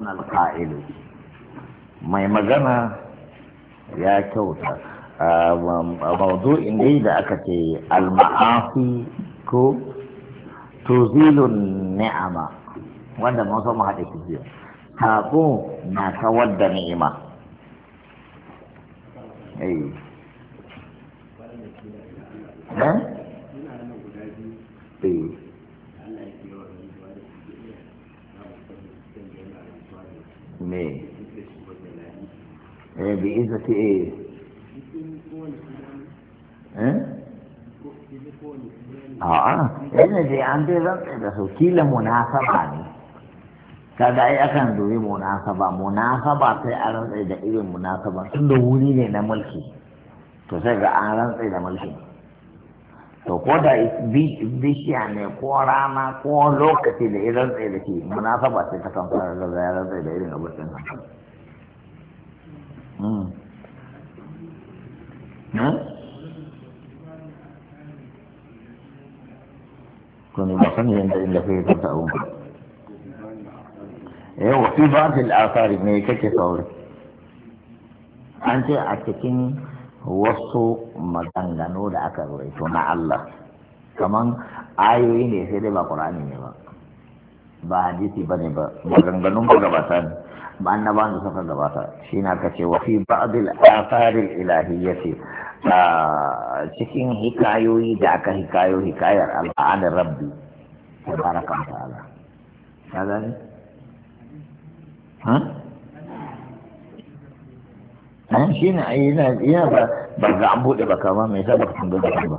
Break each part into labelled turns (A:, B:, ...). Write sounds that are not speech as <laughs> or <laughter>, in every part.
A: القائل mai magana ya kyauta mawdu'in dai da aka ce al ko tuzilun ni'ama wanda mun so mu haɗe shi biyu sako na kawar da ni'ima eh, eh? bi'izzati eh a'a yana da an dai rantsa da su kila munasaba ne kaga ai akan dore munasaba munasaba sai a rantsa da irin munasaba tunda wuri ne na mulki to sai ga an rantsa da mulki to ko da bishiya ne ko rana ko lokaci da irin tsaye da ke munasaba sai ta kan fara da ya rantsa da irin abin كوني بسن ينتهي إلا فيه تنتهون إيه وفي بعض الآثار من كيف قولي أنت أتكين wasu maganganu da aka ruwaito na Allah kaman ayoyi ne sai dai ba Qur'ani ne ba ba hadisi ba ne ba maganganun gabata ne ba annabawan da ba gabata shi na kace wa fi ba'dil afaril ilahiyyati a cikin hikayoyi da aka hikayo hikayar al'adar rabbi tabaraka wa ta'ala ka gani ha an shi ne ayyana yana ba ba ga an bude baka kama mai yasa baka da ba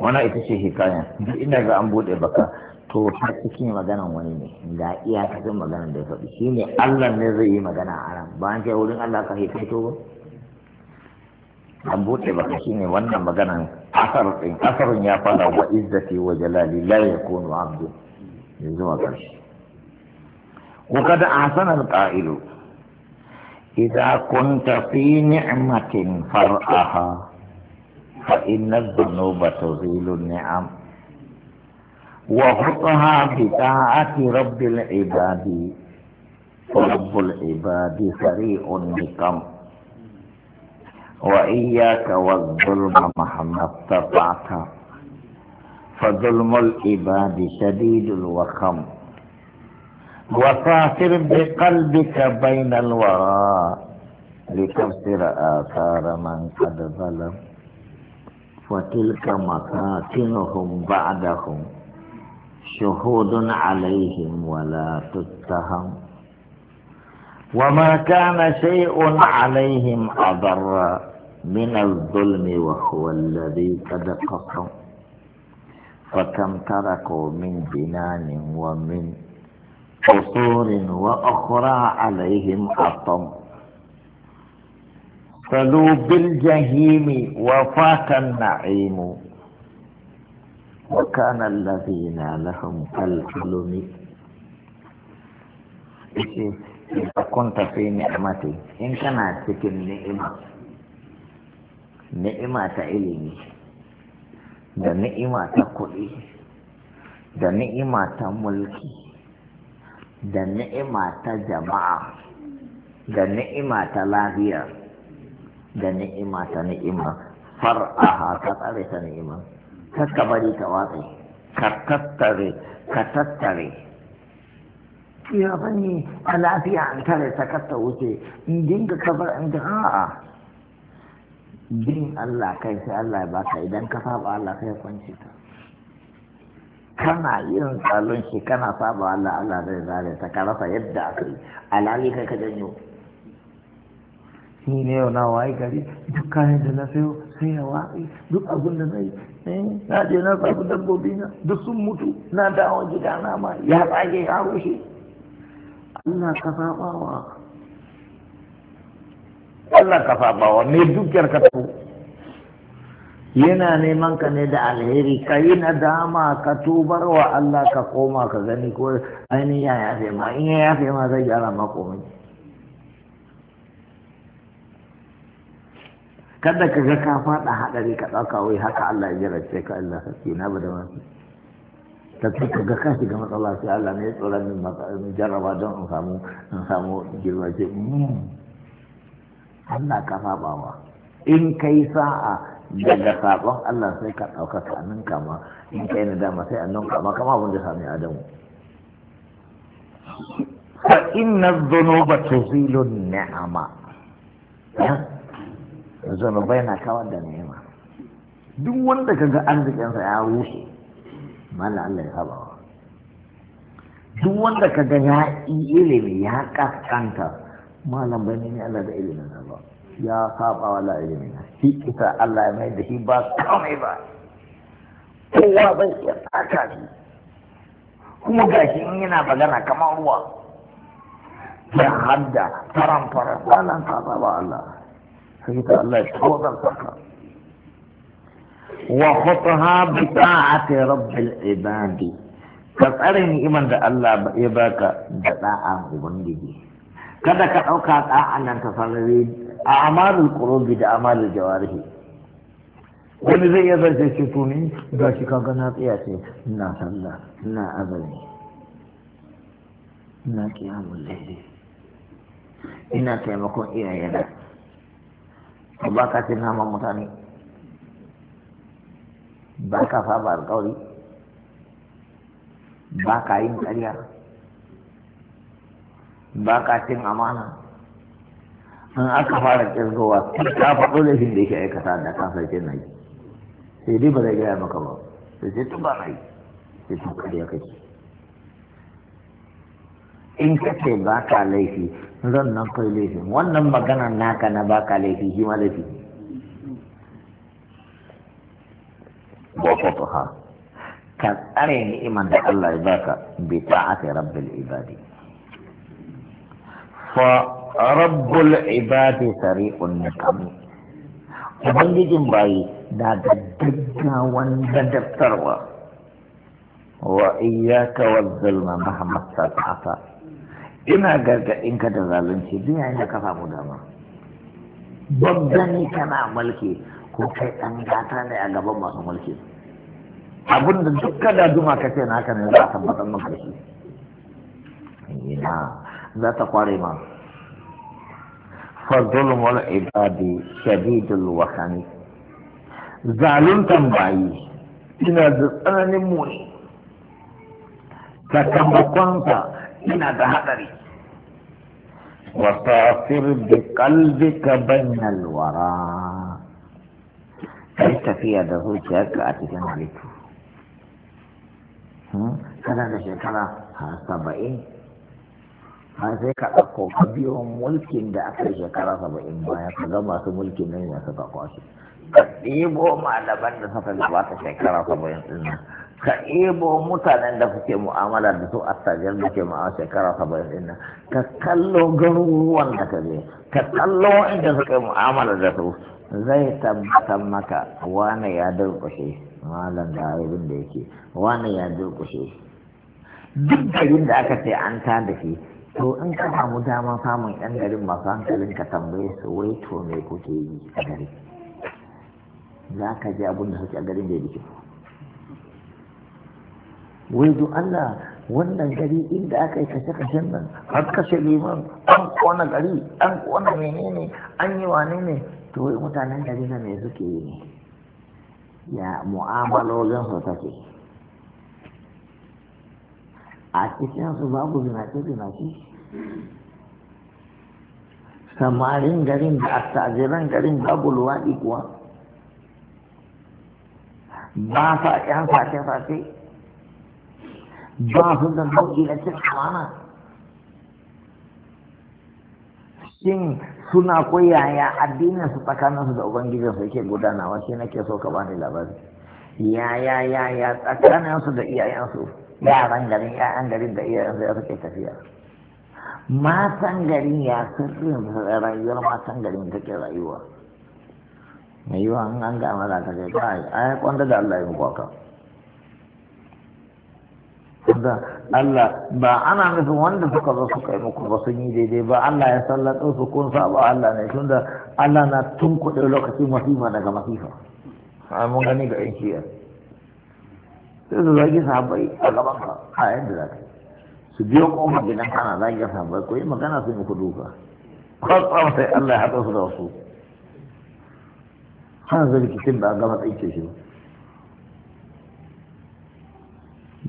A: wannan ita ce hikaya duk inda ga an bude baka to ta cikin maganan wani ne ga iya kasan maganan da ya faɗi shi ne allah ne zai yi magana a ran ba an ce wurin allah ka haife to ba an buɗe ba shi ne wannan maganan asarin asarin ya fara wa izzati wa jalali la yakunu abdu Ya zuwa ƙarshe ko kada a sanar qailu idza kunta fi ni'matin far'aha fa inna dhunuba tuzilu ni'am وفقها بطاعة رب العباد فرب العباد سريع النقم وإياك والظلم مهما استطعت فظلم العباد شديد الوخم وسافر بقلبك بين الورى لتبصر آثار من قد ظلم وتلك مساكنهم بعدهم شهود عليهم ولا تتهم وما كان شيء عليهم أضر من الظلم وهو الذي قد قصم فكم تركوا من جنان ومن قصور وأخرى عليهم أطم فلو بالجحيم وفات النعيم وكان الذين لهم الحلم إذا كنت في نعمتي إن كانت تكن نعمة ni'ima ta ilimi da ni'ima ta kuɗi da ni'ima ta mulki da ni'ima ta jama'a da ni'ima ta lafiya da ni'ima ta ni'ima far'aha ta tsare ta ni'ima Ka bari ka ka tattare ka tattare ya fanni a lafiya an tare ta kasta wuce in dinga kafar an ga a'a bin Allah kai sai Allah ya baka idan ka saba Allah sai ya kwance ta kana irin tsalon shi kana saba Allah Allah zai zare ta ka rasa yadda aka yi alali kai ka janyo ni ne yau na waye gari duk kayan da na sayo sai ya waye duk abin da na yi eh, na je na sabu dabbobi na duk sun mutu na dawo gida na ma ya tsage ya rushe Allah ka sabawa Allah ka sabawa ne dukiyar ka tafi yana neman ka ne da alheri ka yi dama ka tubar wa Allah ka koma ka gani ko ainihin ya yafe ma in ya yafe ma zai gyara ma komai kada ka ga ka faɗa haɗari ka ɗauka wai haka Allah ya jarabce ka Allah sarki na ba da wani ta ce ka ga ka shiga matsala sai Allah ne ya tsora min jarraba don in samu in samu girma ce hmm, Allah ka wa in kai sa'a daga sabon Allah sai ka ɗauka ka nan kama in kai na dama sai annan kama kama abin da sami adamu fa inna dhunuba tuzilu ni'ama zunubai na kawar da nema duk wanda ka ga arzikinsa ya rushe mana Allah ya habawa duk wanda ka ga ya yi ilimi ya kaskanta malam bai ne Allah da na ba ya saba wa ilimi shi isa Allah ya mai da shi ba kawai ba kowa bai iya tsaka shi kuma shi in yana magana kamar ruwa ya hadda faran faran wannan saba wa Allah sai ka Allah ya tawazar saka wa khutha bi ta'ati rabbil ibadi ka tsare ni'iman da Allah ya baka da da'a ubangiji kada ka dauka da'a nan ta amalul qulubi da amalul jawarihi wani zai iya zarce ce to ni ga shi kaga na tsaya ce ina sallah ina azumi ina kiyamul layli ina taimakon iyayena ba ka cin naman mutane ba ka saba alkawari ba ka yin karya ba ka cin amana an aka fara kirgowa ta faɗo da shi da shi aikata da kan sarki na yi sai dai ba zai gaya maka ba sai sai tun ba na yi sai tun ya kai. in ka ce ba ka laifi zan nan kai laifi wannan magana naka na ba ka laifi shi ma laifi ha ka tsare ni'iman da Allah ya baka bi ta'ati rabbil ibadi fa rabbul ibadi sari'un nikam ubangijin bayi da gaggawan daftarwa. wa iyyaka wa zulma mahmasa ta'ata ina gargaɗinka da zalunci duk yayin da ka samu dama babban kana mulki ko kai ɗan gata ne a gaban masu mulki abin da duk kada duma ka ce naka ne za a tabbatar maka shi ina za ta kware ma fadulmul ibadi shadidul wahani zaluntan bayi ina da tsananin muni sakamakonsa yana da hadari وسافر بقلبك بين الورى kai tafiya da zuciyarka a cikin halittu kana da shekara saba'in har sai ka ɗauko ka biyo mulkin da aka yi shekara saba'in baya ka ga masu mulkin nan ya suka kwashe ka ɗibo malaman da suka gabata shekara saba'in ɗin nan ka ebo mutanen da kuke mu'amala da su attajiyar da ke ma'a shekara saba'in din ka kallo garuruwan da ka je ka kallo inda suka yi mu'amala da su zai tabbatar maka wane ya durkushe malam da abin da yake wane ya durkushe duk garin da aka ce an ta da shi to in ka samu dama samun yan garin masu hankalin ka tambaye su wai to me kuke yi a gari za ka ji abin da suke a garin da ya wai don Allah wannan gari inda aka yi kashe-kashen nan har kashe liman an kona gari an kona menene an yi wane ne to wai mutanen gari na me suke yi ne ya mu'amalolin su take a cikin su babu zinace zinace samarin garin da attajiran garin babu luwaɗi kuwa ba sa ƴan face-face ba su da nau'i Sing cin amana shin suna koyaya addinin su tsakanin su da ubangijin su yake gudanawa shi nake so ka bani labari ya ya ya ya tsakanin su da iyayen su yaran garin yayan garin da iyayen su ya suke tafiya matan garin ya sirrin rayuwar matan garin take rayuwa mai yiwa an ga mala ta kai kai ai kwanta da Allah ya muku da Allah ba ana nufin wanda suka zo suka yi muku ba sun yi daidai ba Allah ya sallar su kun saba Allah ne tun da Allah na tun kuɗe lokaci masifa daga masifa a mun gani ga yan shiyar sai su zagi sahabbai a gaban ka a yadda za ka su biyo kofar gidan kana zagi sahabbai ko yi magana su yi muku duka kwatsam sai Allah ya haɗa su da wasu hana zai rikicin ba a gama tsaike shi ba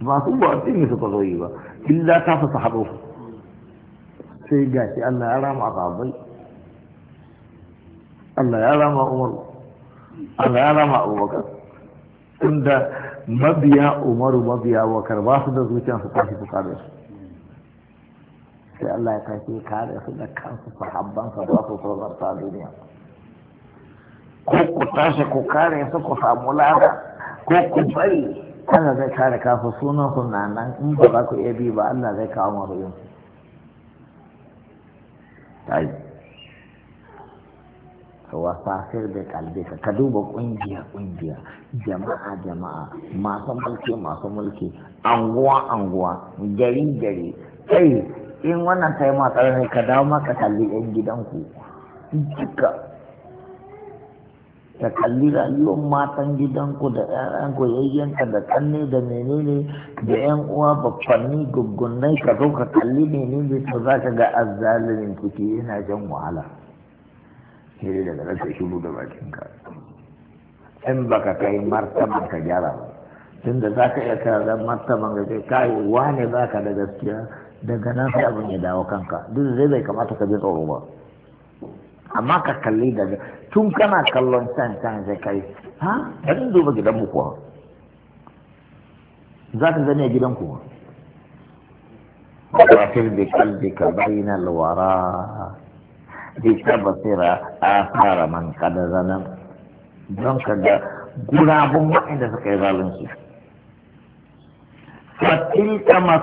A: ba su ba addini suka zo yi ba illa ta fi sahabo sai ga shi Allah ya rama ababai Allah ya rama Umar Allah ya rama Abubakar tunda mabiya Umaru mabiya Abubakar ba su da zuciya su tashi su kare su sai Allah ya kashe kare su da kansu sa ba su tsoron duniya ko ku tashi ku kare su ku samu lada ko ku bari Allah zai kare kafa sunan na nan in ba za ku iya bi ba Allah zai kawo masu yin tayi wa fasir da kalbi ka ka duba kungiya kungiya jama'a jama'a masu mulki masu mulki anguwa anguwa gari gari kai in wannan kai ma ka dawo maka kalli yan gidanku duka ka kalli rayuwar matan gidanku da 'ya'yanku yayyanka da tsanne da menene da 'yan uwa bakwanni guggunnai ka zo ka kalli menene to za ka ga azzalimin kuke yana jan wahala sai daga nan ka shiru da bakinka in baka kai martaban ka gyara ba da za ka iya kara martaban ka kai kai wane za ka da gaskiya daga nan sai abin ya dawo kanka duk zai bai kamata ka bi tsoro ba amma ka kalli daga tun kana kallon can can sai kai ha bari duba gidan mu kuwa za ka zane gidan kuwa وفر بقلبك بين الوراء a fara man kada ظلم don ka ga gurabun waɗanda suka yi zalunci fatilka da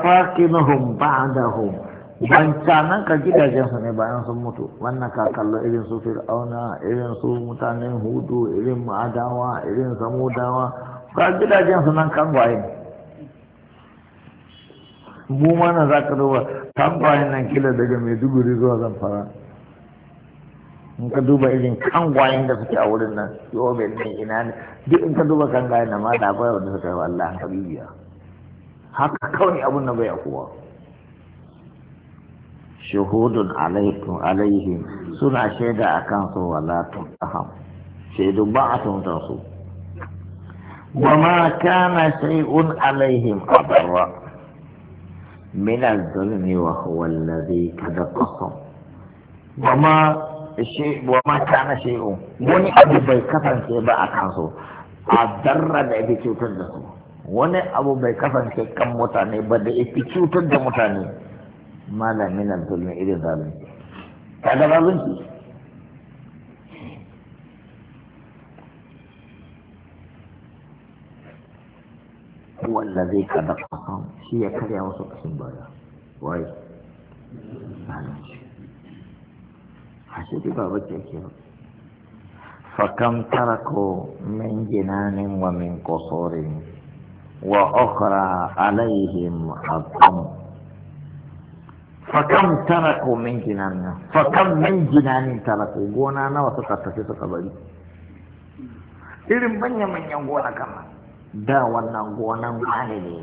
A: ba'dahum wancanan ka gidajensu ne bayan sun mutu wannan ka kallo irin su fir'auna irin su mutanen hudu irin ma'adawa irin samudawa ka gidajensu nan kangwaye mu mana za ka duba kangwaye nan kila daga maiduguri zuwa zamfara in ka duba irin kangwayen da suke a wurin nan yobe ne ina ne duk in ka duba kangwayen na ma da akwai wanda suka yi Allah habibiya haka kawai abun na bai kowa. shuhudun alaikum suna shaida a kansu wala tuqaham shaidu ba a tuntar su wa ma kana shay'un alaihim adarra من الظلم وهو الذي تدققهم وما شيء وما كان شيء wani abu bai kasance ba a su, a darra da ita cutar da su wani abu bai kasance kan mutane ba da ita cutar da mutane malamin al-zulmi irin zalunci kaga zalunci wallazi kada kasan shi ya karya wasu kasin baya wai zalunci a shi ba bace ke ba فكم تركوا من جنان ومن قصور وأخرى عليهم fakam taraku min jinanna fakam min jinanin taraku gona nawa suka tafi suka bari irin manyan manyan gona kama da wannan gona wani ne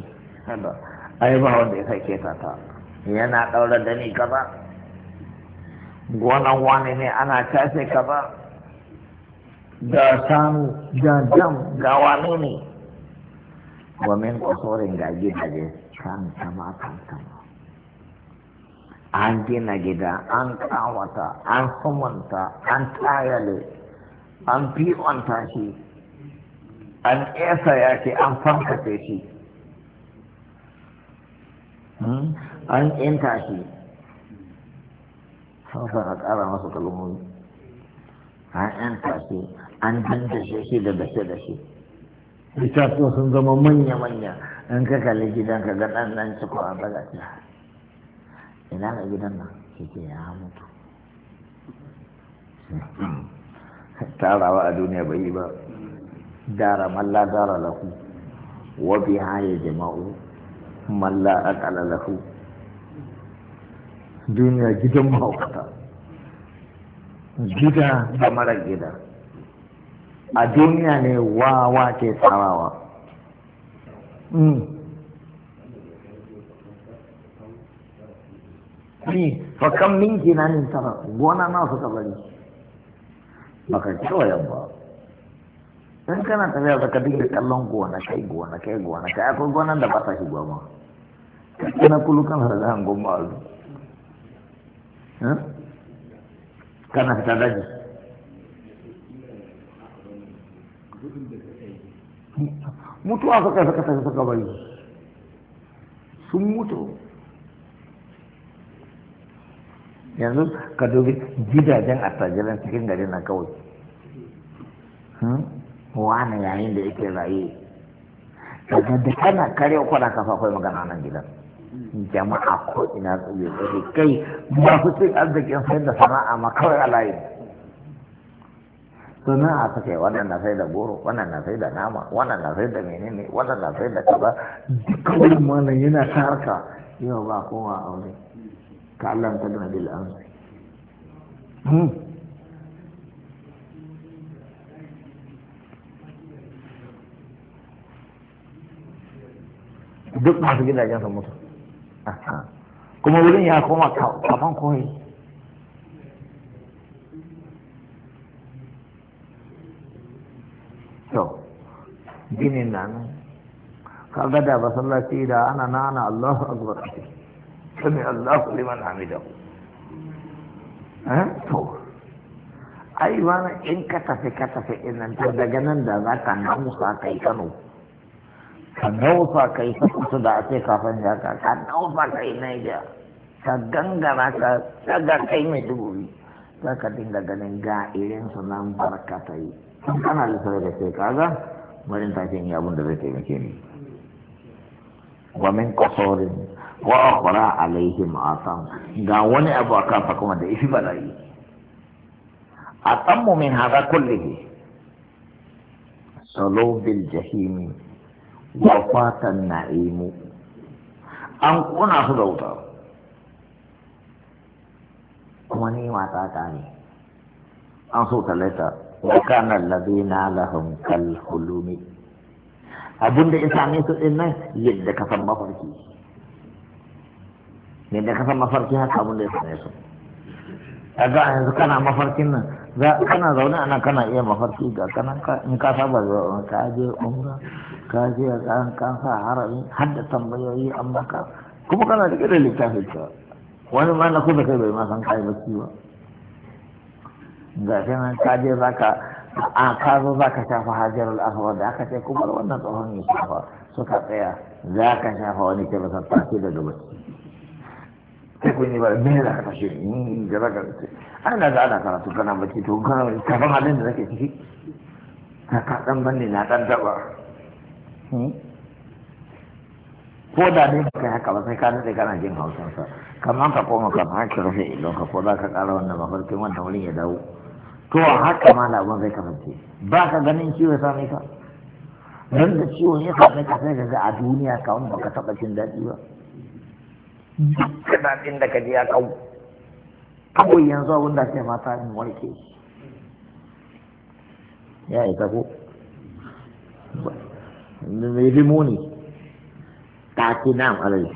A: ai ba wanda ya sake ta ta yana daura da ni kaza gonan wani ne ana tafe kaza da sanu da jam ga wani ne wa min kusurin ga gidaje kan sama kan sama an gina gida an kawata an sumanta an tayale an fiwanta shi an esa ya ce an fankace shi hmm? an ƙinta shi sun a ƙara masa kalmomi an ƙinta shi an dandashe shi da da shi itatuwa sun zama manya-manya in ka kalli gidan ka ga ɗan ɗan cikin a bagaci ina ga gidan nan shi ce ya mutu <laughs> tarawa a duniya bai yi ba dara malla dara lahu wa bi haye jama'u malla aqala lahu duniya gidan mahaukata gida da mara gida a duniya ne wawa ke tsarawa hmm. fi fa kam min jinanin tara gona na suka bari baka kewaya ba in kana tafiya zaka dinga kallon gona kai gona kai gona kai akwai gonan da ba ta shi goma kana kullu kan har zan goma azu kana fita daji mutuwa suka suka tafi suka bari sun mutu yanzu ka dubi gidajen attajiran cikin gari na kawai hmm? wani yayin da yake raye daga da kana kare kwana kafa akwai magana nan gidan jama'a ko ina tsaye tsaye kai masu cin arzikin sai da sana'a ma kawai a layi sana'a kai wannan na sai da goro wannan na sai da nama wannan na sai da menene wannan na sai da kaza duk kawai mana yana karka, yau ba kowa aure Ka ta كعلم an su. duk masu gidajen sa mutu kuma wurin ya koma kaman koyi to ginin na nan kaga da basallaci da ana nana Allahu akbar sami Allahu liman hamidahu to ai wani in ka tafi ka tafi inan daga nan da za ka nausa kai Kano ka nausa kai Sokoto da ake kafin ya ka ka nausa kai Niger ka gangara ka daga kai Maiduguri za ka dinga ganin ga irin su nan barka yi kana lissara da sai kaga bari ta ce abin da zai taimake ni wa min wa akhra alaihim asam ga wani abu akan fa kuma da ifi bala'i atammu min hada kullihi salo bil jahimi wa fatan na'imu an kuna su da wuta kuma ni mata ta ne an so laita. wa kana alladhina lahum kal hulumi abinda ya same su din nan yadda ka san mafarki yadda da kasan mafarki haka abin da ya same su ga yanzu kana mafarkin nan za kana zaune ana kana iya mafarki ga kanan ka in ka saba zuwa ka je umra ka je kan ka sa harami har da tambayoyi an maka kuma kana da da littafin ka wani ma na da kai bai ma san kai bacci ba ga kanan ka je ka a ka zo ka shafa hajjar al da aka ce kuma wannan tsohon ya shafa suka tsaya ka shafa wani ke ba daga baki. sai kun yi ba me yana ka kashe ni gaba ga ce ai na ga ana karatu kana baki to kana ka san halin da nake ciki ka ka dan banne na dan daba hmm? ko da ne ka haka ba sai ka nade kana jin hausa sa kamar ka koma ka ba ka rufe idon ka ko za ka ƙara wannan mafarkin wannan wurin ya dawo to a haka ma na labun zai kasance ba ka ganin ciwo sa mai ka don da ciwon ya same ka sai ka ga a duniya ka wani baka taɓa jin daɗi ba dukkan abin da ka ya kawo kawai yanzu abin da ke mata in warke ya yi ko mai limoni ta ce na alai